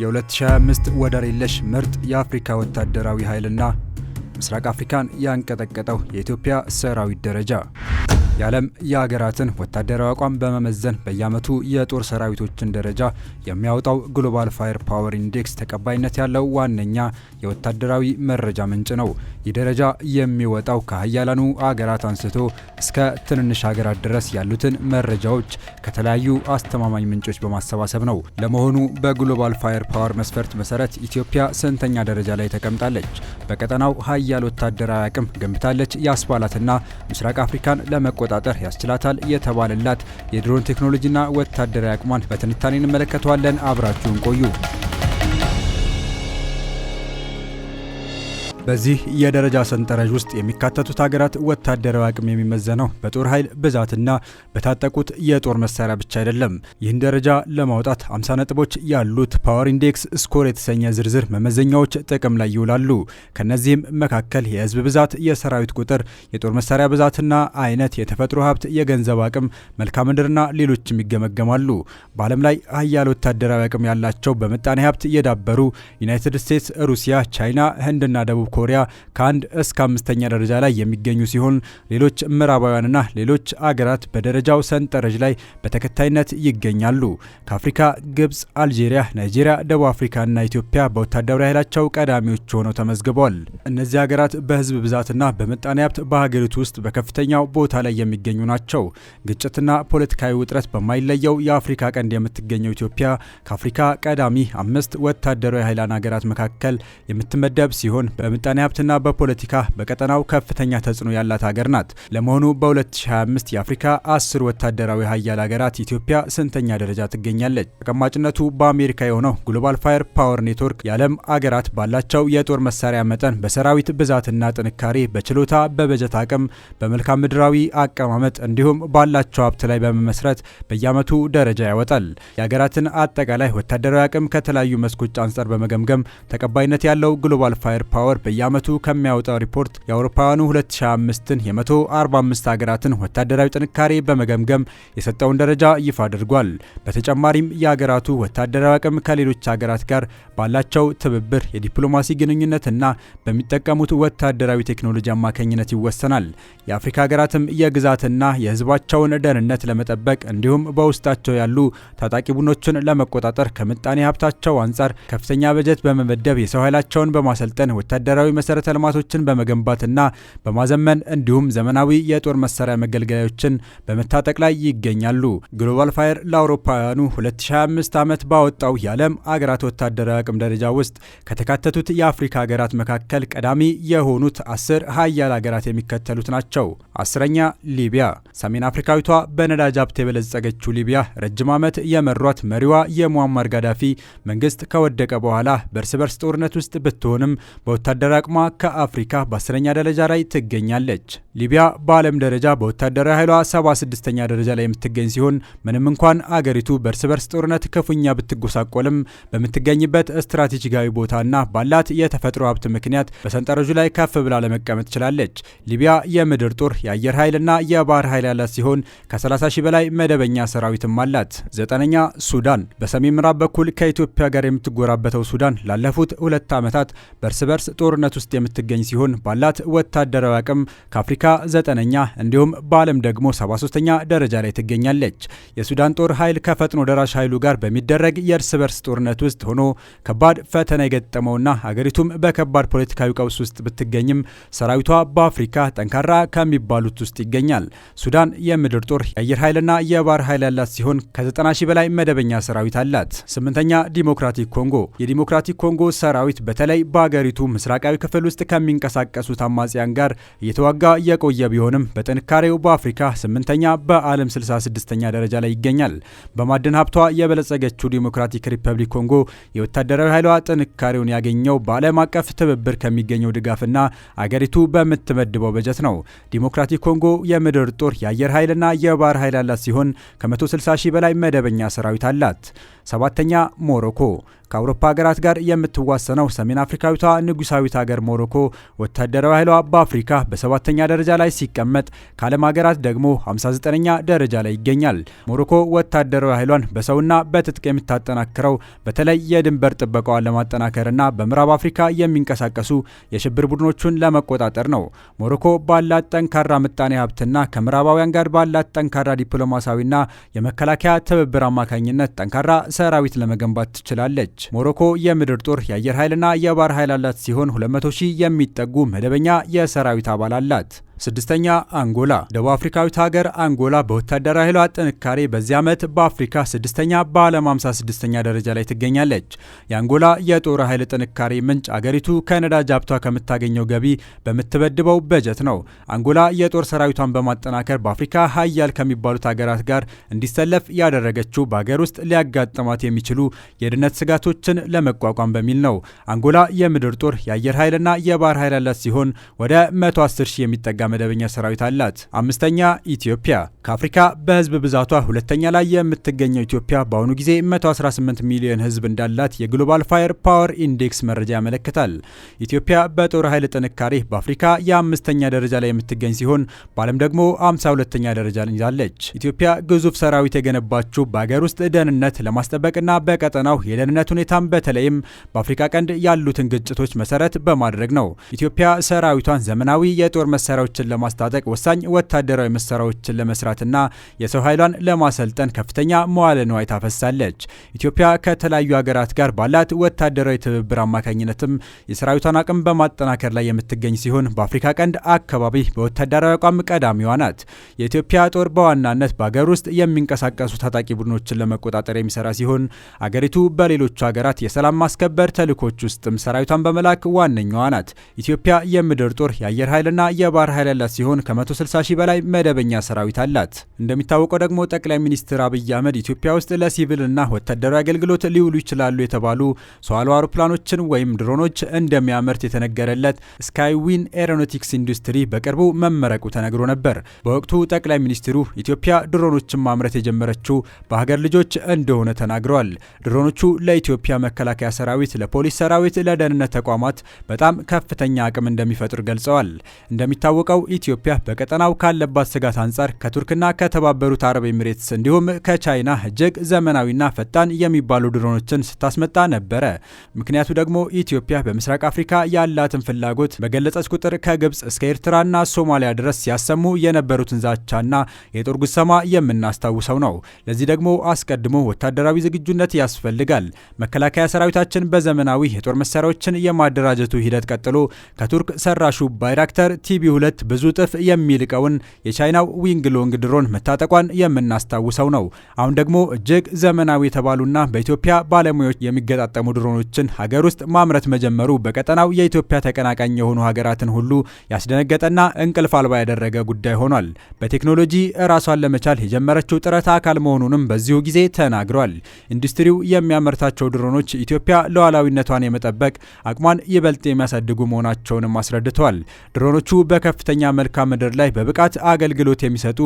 የ2025 ወደር የለሽ ምርጥ የአፍሪካ ወታደራዊ ኃይልና ምስራቅ አፍሪካን ያንቀጠቀጠው የኢትዮጵያ ሰራዊት ደረጃ የዓለም የሀገራትን ወታደራዊ አቋም በመመዘን በየዓመቱ የጦር ሰራዊቶችን ደረጃ የሚያወጣው ግሎባል ፋየር ፓወር ኢንዴክስ ተቀባይነት ያለው ዋነኛ የወታደራዊ መረጃ ምንጭ ነው። ይህ ደረጃ የሚወጣው ከሀያላኑ አገራት አንስቶ እስከ ትንንሽ ሀገራት ድረስ ያሉትን መረጃዎች ከተለያዩ አስተማማኝ ምንጮች በማሰባሰብ ነው። ለመሆኑ በግሎባል ፋየር ፓወር መስፈርት መሰረት ኢትዮጵያ ስንተኛ ደረጃ ላይ ተቀምጣለች? በቀጠናው ሀያል ወታደራዊ አቅም ገንብታለች የአስባላትና ምስራቅ አፍሪካን ለመቆ ለመቆጣጠር ያስችላታል የተባለላት የድሮን ቴክኖሎጂና ወታደራዊ አቅሟን በትንታኔ እንመለከተዋለን። አብራችሁን ቆዩ። በዚህ የደረጃ ሰንጠረዥ ውስጥ የሚካተቱት ሀገራት ወታደራዊ አቅም የሚመዘነው በጦር ኃይል ብዛትና በታጠቁት የጦር መሳሪያ ብቻ አይደለም። ይህን ደረጃ ለማውጣት 50 ነጥቦች ያሉት ፓወር ኢንዴክስ ስኮር የተሰኘ ዝርዝር መመዘኛዎች ጥቅም ላይ ይውላሉ። ከነዚህም መካከል የህዝብ ብዛት፣ የሰራዊት ቁጥር፣ የጦር መሳሪያ ብዛትና አይነት፣ የተፈጥሮ ሀብት፣ የገንዘብ አቅም፣ መልክዓ ምድርና ሌሎችም ይገመገማሉ። በዓለም ላይ ሀያል ወታደራዊ አቅም ያላቸው በምጣኔ ሀብት የዳበሩ ዩናይትድ ስቴትስ፣ ሩሲያ፣ ቻይና፣ ህንድና ደቡብ ኮሪያ ከአንድ እስከ አምስተኛ ደረጃ ላይ የሚገኙ ሲሆን ሌሎች ምዕራባውያንና ሌሎች አገራት በደረጃው ሰንጠረዥ ላይ በተከታይነት ይገኛሉ። ከአፍሪካ ግብፅ፣ አልጄሪያ፣ ናይጄሪያ፣ ደቡብ አፍሪካና ኢትዮጵያ በወታደራዊ ኃይላቸው ቀዳሚዎች ሆነው ተመዝግበዋል። እነዚህ ሀገራት በህዝብ ብዛትና በምጣኔ ሀብት በሀገሪቱ ውስጥ በከፍተኛው ቦታ ላይ የሚገኙ ናቸው። ግጭትና ፖለቲካዊ ውጥረት በማይለየው የአፍሪካ ቀንድ የምትገኘው ኢትዮጵያ ከአፍሪካ ቀዳሚ አምስት ወታደራዊ ኃይላን ሀገራት መካከል የምትመደብ ሲሆን በምጣኔ ሀብትና በፖለቲካ በቀጠናው ከፍተኛ ተጽዕኖ ያላት ሀገር ናት። ለመሆኑ በ2025 የአፍሪካ አስር ወታደራዊ ሀያል ሀገራት ኢትዮጵያ ስንተኛ ደረጃ ትገኛለች? ተቀማጭነቱ በአሜሪካ የሆነው ግሎባል ፋየር ፓወር ኔትወርክ የዓለም አገራት ባላቸው የጦር መሳሪያ መጠን፣ በሰራዊት ብዛትና ጥንካሬ፣ በችሎታ፣ በበጀት አቅም፣ በመልክዓ ምድራዊ አቀማመጥ እንዲሁም ባላቸው ሀብት ላይ በመመስረት በየዓመቱ ደረጃ ያወጣል። የሀገራትን አጠቃላይ ወታደራዊ አቅም ከተለያዩ መስኮች አንጻር በመገምገም ተቀባይነት ያለው ግሎባል ፋየር ፓወር በየዓመቱ ከሚያወጣው ሪፖርት የአውሮፓውያኑ 2025ን የ145 ሀገራትን ወታደራዊ ጥንካሬ በመገምገም የሰጠውን ደረጃ ይፋ አድርጓል። በተጨማሪም የሀገራቱ ወታደራዊ አቅም ከሌሎች ሀገራት ጋር ባላቸው ትብብር፣ የዲፕሎማሲ ግንኙነትና በሚጠቀሙት ወታደራዊ ቴክኖሎጂ አማካኝነት ይወሰናል። የአፍሪካ ሀገራትም የግዛትና የህዝባቸውን ደህንነት ለመጠበቅ እንዲሁም በውስጣቸው ያሉ ታጣቂ ቡድኖችን ለመቆጣጠር ከምጣኔ ሀብታቸው አንጻር ከፍተኛ በጀት በመመደብ የሰው ኃይላቸውን በማሰልጠን ወታደራዊ ወታደራዊ መሰረተ ልማቶችን በመገንባትና በማዘመን እንዲሁም ዘመናዊ የጦር መሳሪያ መገልገያዎችን በመታጠቅ ላይ ይገኛሉ። ግሎባል ፋየር ለአውሮፓውያኑ 2025 ዓመት ባወጣው የዓለም አገራት ወታደራዊ አቅም ደረጃ ውስጥ ከተካተቱት የአፍሪካ ሀገራት መካከል ቀዳሚ የሆኑት አስር ሀያል ሀገራት የሚከተሉት ናቸው። አስረኛ ሊቢያ። ሰሜን አፍሪካዊቷ በነዳጅ ሀብት የበለጸገችው ሊቢያ ረጅም ዓመት የመሯት መሪዋ የሙአማር ጋዳፊ መንግስት ከወደቀ በኋላ በእርስ በርስ ጦርነት ውስጥ ብትሆንም በወታደራዊ ተጠራቅማ ከአፍሪካ በአስረኛ ደረጃ ላይ ትገኛለች። ሊቢያ በዓለም ደረጃ በወታደራዊ ኃይሏ 76ኛ ደረጃ ላይ የምትገኝ ሲሆን ምንም እንኳን አገሪቱ በእርስ በርስ ጦርነት ክፉኛ ብትጎሳቆልም በምትገኝበት ስትራቴጂካዊ ቦታና ባላት የተፈጥሮ ሀብት ምክንያት በሰንጠረዡ ላይ ከፍ ብላ ለመቀመጥ ችላለች። ሊቢያ የምድር ጦር፣ የአየር ኃይልና የባህር ኃይል ያላት ሲሆን ከ30 ሺህ በላይ መደበኛ ሰራዊትም አላት። ዘጠነኛ ሱዳን በሰሜን ምዕራብ በኩል ከኢትዮጵያ ጋር የምትጎራበተው ሱዳን ላለፉት ሁለት ዓመታት በእርስ በርስ ጦርነት ጦርነት ውስጥ የምትገኝ ሲሆን ባላት ወታደራዊ አቅም ከአፍሪካ ዘጠነኛ እንዲሁም በዓለም ደግሞ 73ኛ ደረጃ ላይ ትገኛለች። የሱዳን ጦር ኃይል ከፈጥኖ ደራሽ ኃይሉ ጋር በሚደረግ የእርስ በርስ ጦርነት ውስጥ ሆኖ ከባድ ፈተና የገጠመውና አገሪቱም በከባድ ፖለቲካዊ ቀውስ ውስጥ ብትገኝም ሰራዊቷ በአፍሪካ ጠንካራ ከሚባሉት ውስጥ ይገኛል። ሱዳን የምድር ጦር፣ የአየር ኃይልና የባህር ኃይል ያላት ሲሆን ከ90 ሺህ በላይ መደበኛ ሰራዊት አላት። ስምንተኛ ዲሞክራቲክ ኮንጎ። የዲሞክራቲክ ኮንጎ ሰራዊት በተለይ በአገሪቱ ምስራቃዊ ሰማያዊ ክፍል ውስጥ ከሚንቀሳቀሱት አማጽያን ጋር እየተዋጋ እየቆየ ቢሆንም በጥንካሬው በአፍሪካ ስምንተኛ በዓለም 66ኛ ደረጃ ላይ ይገኛል። በማዕድን ሀብቷ የበለጸገችው ዲሞክራቲክ ሪፐብሊክ ኮንጎ የወታደራዊ ኃይሏ ጥንካሬውን ያገኘው በዓለም አቀፍ ትብብር ከሚገኘው ድጋፍና አገሪቱ በምትመድበው በጀት ነው። ዲሞክራቲክ ኮንጎ የምድር ጦር፣ የአየር ኃይልና የባህር ኃይል ያላት ሲሆን ከ160 ሺህ በላይ መደበኛ ሰራዊት አላት። ሰባተኛ ሞሮኮ ከአውሮፓ ሀገራት ጋር የምትዋሰነው ሰሜን አፍሪካዊቷ ንጉሳዊት ሀገር ሞሮኮ ወታደራዊ ኃይሏ በአፍሪካ በሰባተኛ ደረጃ ላይ ሲቀመጥ ከዓለም ሀገራት ደግሞ 59ኛ ደረጃ ላይ ይገኛል። ሞሮኮ ወታደራዊ ኃይሏን በሰውና በትጥቅ የምታጠናክረው በተለይ የድንበር ጥበቃዋን ለማጠናከርና በምዕራብ አፍሪካ የሚንቀሳቀሱ የሽብር ቡድኖቹን ለመቆጣጠር ነው። ሞሮኮ ባላት ጠንካራ ምጣኔ ሀብትና ከምዕራባውያን ጋር ባላት ጠንካራ ዲፕሎማሲያዊና የመከላከያ ትብብር አማካኝነት ጠንካራ ሰራዊት ለመገንባት ትችላለች። ሞሮኮ የምድር ጦር የአየር ኃይልና የባህር ኃይል አላት ሲሆን 200 ሺህ የሚጠጉ መደበኛ የሰራዊት አባል አላት። ስድስተኛ አንጎላ። ደቡብ አፍሪካዊት ሀገር አንጎላ በወታደራዊ ኃይሏ ጥንካሬ በዚህ ዓመት በአፍሪካ ስድስተኛ በዓለም 56 ስድስተኛ ደረጃ ላይ ትገኛለች። የአንጎላ የጦር ኃይል ጥንካሬ ምንጭ አገሪቱ ከነዳጅ ሀብቷ ከምታገኘው ገቢ በምትበድበው በጀት ነው። አንጎላ የጦር ሰራዊቷን በማጠናከር በአፍሪካ ሀያል ከሚባሉት ሀገራት ጋር እንዲሰለፍ ያደረገችው በሀገር ውስጥ ሊያጋጥማት የሚችሉ የድነት ስጋቶችን ለመቋቋም በሚል ነው። አንጎላ የምድር ጦር፣ የአየር ኃይልና የባህር ኃይል ያላት ሲሆን ወደ 110 ሺህ የሚጠጋ መደበኛ ሰራዊት አላት። አምስተኛ ኢትዮጵያ ከአፍሪካ በህዝብ ብዛቷ ሁለተኛ ላይ የምትገኘው ኢትዮጵያ በአሁኑ ጊዜ 118 ሚሊዮን ህዝብ እንዳላት የግሎባል ፋየር ፓወር ኢንዴክስ መረጃ ያመለክታል። ኢትዮጵያ በጦር ኃይል ጥንካሬ በአፍሪካ የአምስተኛ ደረጃ ላይ የምትገኝ ሲሆን በዓለም ደግሞ 52ኛ ደረጃ ይዛለች። ኢትዮጵያ ግዙፍ ሰራዊት የገነባችው በሀገር ውስጥ ደህንነት ለማስጠበቅና በቀጠናው የደህንነት ሁኔታን በተለይም በአፍሪካ ቀንድ ያሉትን ግጭቶች መሰረት በማድረግ ነው። ኢትዮጵያ ሰራዊቷን ዘመናዊ የጦር መሳሪያዎች መሳሪያዎችን ለማስታጠቅ ወሳኝ ወታደራዊ መሳሪያዎችን ለመስራትና የሰው ኃይሏን ለማሰልጠን ከፍተኛ መዋለ ንዋይ ታፈሳለች። ኢትዮጵያ ከተለያዩ ሀገራት ጋር ባላት ወታደራዊ ትብብር አማካኝነትም የሰራዊቷን አቅም በማጠናከር ላይ የምትገኝ ሲሆን በአፍሪካ ቀንድ አካባቢ በወታደራዊ አቋም ቀዳሚዋ ናት። የኢትዮጵያ ጦር በዋናነት በሀገር ውስጥ የሚንቀሳቀሱ ታጣቂ ቡድኖችን ለመቆጣጠር የሚሰራ ሲሆን አገሪቱ በሌሎቹ ሀገራት የሰላም ማስከበር ተልእኮች ውስጥም ሰራዊቷን በመላክ ዋነኛዋ ናት። ኢትዮጵያ የምድር ጦር፣ የአየር ኃይልና የባህር ኃይል ያህል ያላት ሲሆን ከ160 ሺህ በላይ መደበኛ ሰራዊት አላት። እንደሚታወቀው ደግሞ ጠቅላይ ሚኒስትር አብይ አህመድ ኢትዮጵያ ውስጥ ለሲቪልና ወታደራዊ አገልግሎት ሊውሉ ይችላሉ የተባሉ ሰው አልባ አውሮፕላኖችን ወይም ድሮኖች እንደሚያመርት የተነገረለት ስካይዊን ኤሮኖቲክስ ኢንዱስትሪ በቅርቡ መመረቁ ተነግሮ ነበር። በወቅቱ ጠቅላይ ሚኒስትሩ ኢትዮጵያ ድሮኖችን ማምረት የጀመረችው በሀገር ልጆች እንደሆነ ተናግረዋል። ድሮኖቹ ለኢትዮጵያ መከላከያ ሰራዊት፣ ለፖሊስ ሰራዊት፣ ለደህንነት ተቋማት በጣም ከፍተኛ አቅም እንደሚፈጥር ገልጸዋል። እንደሚታወቀው እንደሚታወቀው ኢትዮጵያ በቀጠናው ካለባት ስጋት አንጻር ከቱርክና ከተባበሩት አረብ ኤሚሬትስ እንዲሁም ከቻይና እጅግ ዘመናዊና ፈጣን የሚባሉ ድሮኖችን ስታስመጣ ነበረ። ምክንያቱ ደግሞ ኢትዮጵያ በምስራቅ አፍሪካ ያላትን ፍላጎት በገለጸች ቁጥር ከግብፅ እስከ ኤርትራና ሶማሊያ ድረስ ሲያሰሙ የነበሩትን ዛቻና የጦር ጉሰማ የምናስታውሰው ነው። ለዚህ ደግሞ አስቀድሞ ወታደራዊ ዝግጁነት ያስፈልጋል። መከላከያ ሰራዊታችን በዘመናዊ የጦር መሳሪያዎችን የማደራጀቱ ሂደት ቀጥሎ ከቱርክ ሰራሹ ባይራክተር ቲቢ ሁለት ብዙ እጥፍ የሚልቀውን የቻይናው ዊንግ ሎንግ ድሮን መታጠቋን የምናስታውሰው ነው። አሁን ደግሞ እጅግ ዘመናዊ የተባሉና በኢትዮጵያ ባለሙያዎች የሚገጣጠሙ ድሮኖችን ሀገር ውስጥ ማምረት መጀመሩ በቀጠናው የኢትዮጵያ ተቀናቃኝ የሆኑ ሀገራትን ሁሉ ያስደነገጠና እንቅልፍ አልባ ያደረገ ጉዳይ ሆኗል። በቴክኖሎጂ ራሷን ለመቻል የጀመረችው ጥረት አካል መሆኑንም በዚሁ ጊዜ ተናግሯል። ኢንዱስትሪው የሚያመርታቸው ድሮኖች ኢትዮጵያ ሉዓላዊነቷን የመጠበቅ አቅሟን ይበልጥ የሚያሳድጉ መሆናቸውንም አስረድተዋል። ድሮኖቹ በከፍተ በከፍተኛ መልክዓ ምድር ላይ በብቃት አገልግሎት የሚሰጡ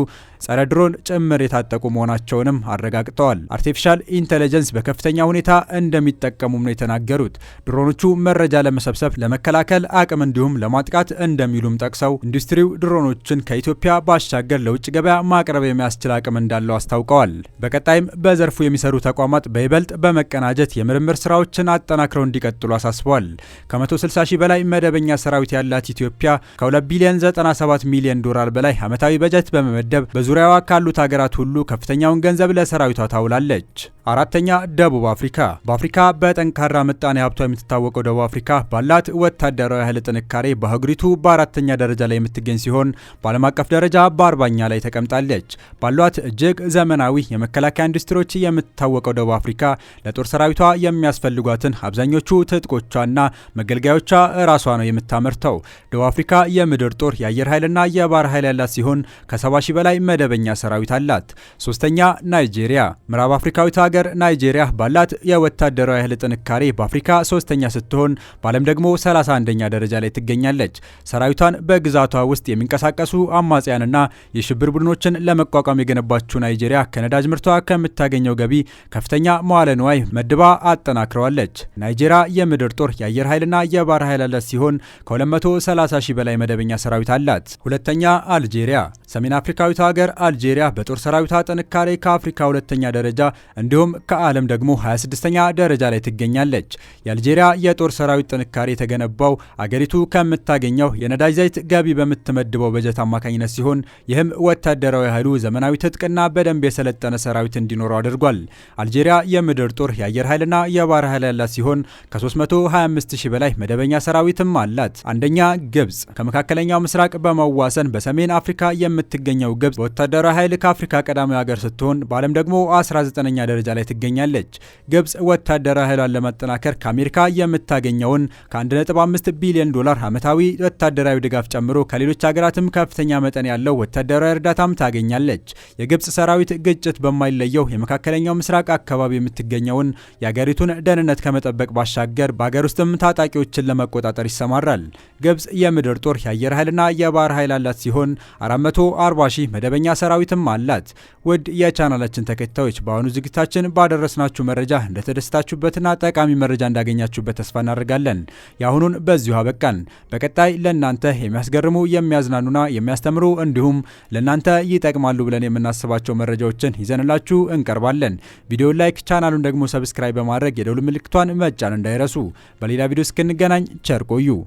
ጸረ ድሮን ጭምር የታጠቁ መሆናቸውንም አረጋግጠዋል። አርቲፊሻል ኢንቴሊጀንስ በከፍተኛ ሁኔታ እንደሚጠቀሙም ነው የተናገሩት። ድሮኖቹ መረጃ ለመሰብሰብ፣ ለመከላከል አቅም እንዲሁም ለማጥቃት እንደሚሉም ጠቅሰው ኢንዱስትሪው ድሮኖችን ከኢትዮጵያ ባሻገር ለውጭ ገበያ ማቅረብ የሚያስችል አቅም እንዳለው አስታውቀዋል። በቀጣይም በዘርፉ የሚሰሩ ተቋማት በይበልጥ በመቀናጀት የምርምር ስራዎችን አጠናክረው እንዲቀጥሉ አሳስበዋል። ከ160 ሺህ በላይ መደበኛ ሰራዊት ያላት ኢትዮጵያ ከ2 ቢሊዮን 97 ሚሊዮን ዶላር በላይ ዓመታዊ በጀት በመመደብ በዙሪያዋ ካሉት ሀገራት ሁሉ ከፍተኛውን ገንዘብ ለሰራዊቷ ታውላለች። አራተኛ ደቡብ አፍሪካ። በአፍሪካ በጠንካራ ምጣኔ ሀብቷ የምትታወቀው ደቡብ አፍሪካ ባላት ወታደራዊ ኃይል ጥንካሬ በአህጉሪቱ በአራተኛ ደረጃ ላይ የምትገኝ ሲሆን በዓለም አቀፍ ደረጃ በአርባኛ ላይ ተቀምጣለች። ባሏት እጅግ ዘመናዊ የመከላከያ ኢንዱስትሪዎች የምትታወቀው ደቡብ አፍሪካ ለጦር ሰራዊቷ የሚያስፈልጓትን አብዛኞቹ ትጥቆቿና መገልገያዎቿ ራሷ ነው የምታመርተው። ደቡብ አፍሪካ የምድር ጦር፣ የአየር ኃይልና የባህር ኃይል ያላት ሲሆን ከ70 ሺ በላይ መደበኛ ሰራዊት አላት። ሶስተኛ ናይጄሪያ። ምዕራብ አፍሪካዊት ሀገር ናይጄሪያ ባላት የወታደራዊ ኃይል ጥንካሬ በአፍሪካ ሶስተኛ ስትሆን በዓለም ደግሞ 31ኛ ደረጃ ላይ ትገኛለች። ሰራዊቷን በግዛቷ ውስጥ የሚንቀሳቀሱ አማጽያንና የሽብር ቡድኖችን ለመቋቋም የገነባችው ናይጄሪያ ከነዳጅ ምርቷ ከምታገኘው ገቢ ከፍተኛ መዋለ ንዋይ መድባ አጠናክረዋለች። ናይጄሪያ የምድር ጦር፣ የአየር ኃይልና የባህር ኃይል አላት ሲሆን ከ230 ሺህ በላይ መደበኛ ሰራዊት አላት። ሁለተኛ አልጄሪያ። ሰሜን አፍሪካዊቷ ሀገር አልጄሪያ በጦር ሰራዊቷ ጥንካሬ ከአፍሪካ ሁለተኛ ደረጃ እንዲሁም እንዲሁም ከዓለም ደግሞ 26ኛ ደረጃ ላይ ትገኛለች። የአልጄሪያ የጦር ሰራዊት ጥንካሬ የተገነባው አገሪቱ ከምታገኘው የነዳጅ ዘይት ገቢ በምትመድበው በጀት አማካኝነት ሲሆን ይህም ወታደራዊ ኃይሉ ዘመናዊ ትጥቅና በደንብ የሰለጠነ ሰራዊት እንዲኖረው አድርጓል። አልጄሪያ የምድር ጦር፣ የአየር ኃይልና የባህር ኃይል ያላት ሲሆን ከ325 ሺህ በላይ መደበኛ ሰራዊትም አላት። አንደኛ ግብጽ ከመካከለኛው ምስራቅ በመዋሰን በሰሜን አፍሪካ የምትገኘው ግብጽ በወታደራዊ ኃይል ከአፍሪካ ቀዳሚ ሀገር ስትሆን በዓለም ደግሞ 19ኛ ደረጃ ላይ ትገኛለች። ግብጽ ወታደራዊ ኃይሏን ለማጠናከር ከአሜሪካ የምታገኘውን ከ1.5 ቢሊዮን ዶላር ዓመታዊ ወታደራዊ ድጋፍ ጨምሮ ከሌሎች ሀገራትም ከፍተኛ መጠን ያለው ወታደራዊ እርዳታም ታገኛለች። የግብጽ ሰራዊት ግጭት በማይለየው የመካከለኛው ምስራቅ አካባቢ የምትገኘውን የአገሪቱን ደህንነት ከመጠበቅ ባሻገር በአገር ውስጥም ታጣቂዎችን ለመቆጣጠር ይሰማራል። ግብጽ የምድር ጦር፣ የአየር ኃይልና የባህር ኃይል አላት ሲሆን 440 ሺህ መደበኛ ሰራዊትም አላት። ውድ የቻናላችን ተከታዮች በአሁኑ ዝግጅታችን አድርገን ባደረስናችሁ መረጃ እንደተደስታችሁበትና ጠቃሚ መረጃ እንዳገኛችሁበት ተስፋ እናደርጋለን። የአሁኑን በዚሁ አበቃን። በቀጣይ ለእናንተ የሚያስገርሙ የሚያዝናኑና የሚያስተምሩ እንዲሁም ለእናንተ ይጠቅማሉ ብለን የምናስባቸው መረጃዎችን ይዘንላችሁ እንቀርባለን። ቪዲዮ ላይክ፣ ቻናሉን ደግሞ ሰብስክራይብ በማድረግ የደውል ምልክቷን መጫን እንዳይረሱ። በሌላ ቪዲዮ እስክንገናኝ ቸር ቆዩ።